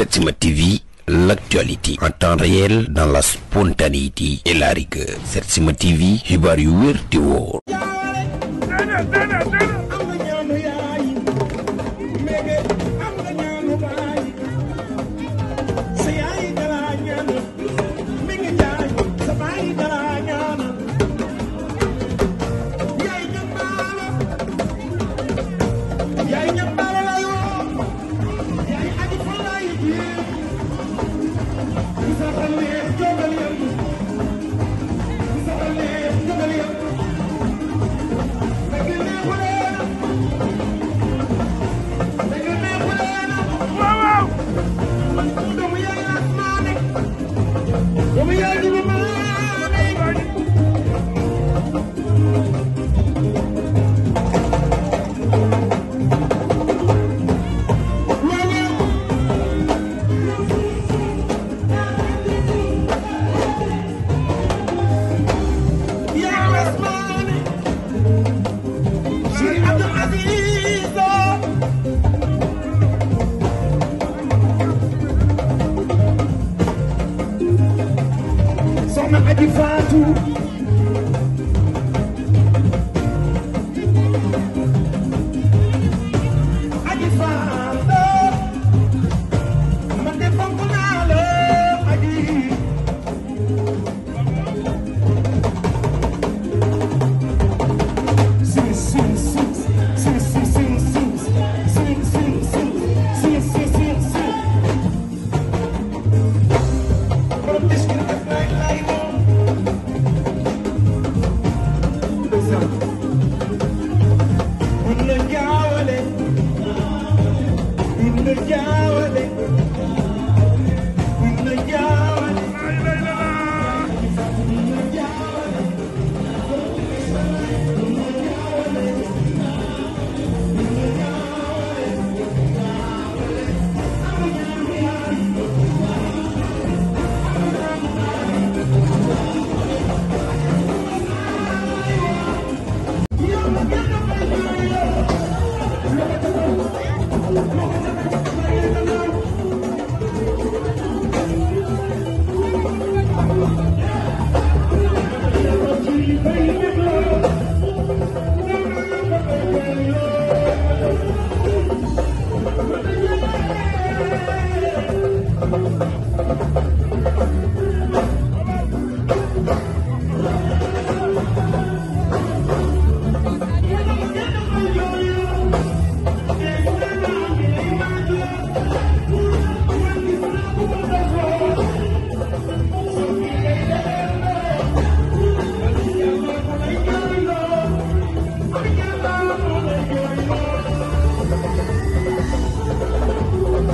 Setsima TV l'actualité en temps réel dans la spontanéité et la rigueur TV xibaar yu wér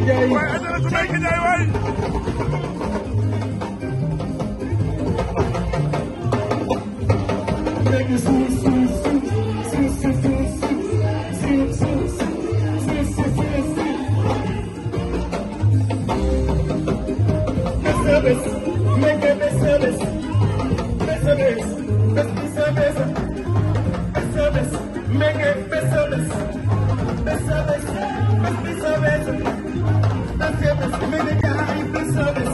Ndiaye. the service, make the guy the service.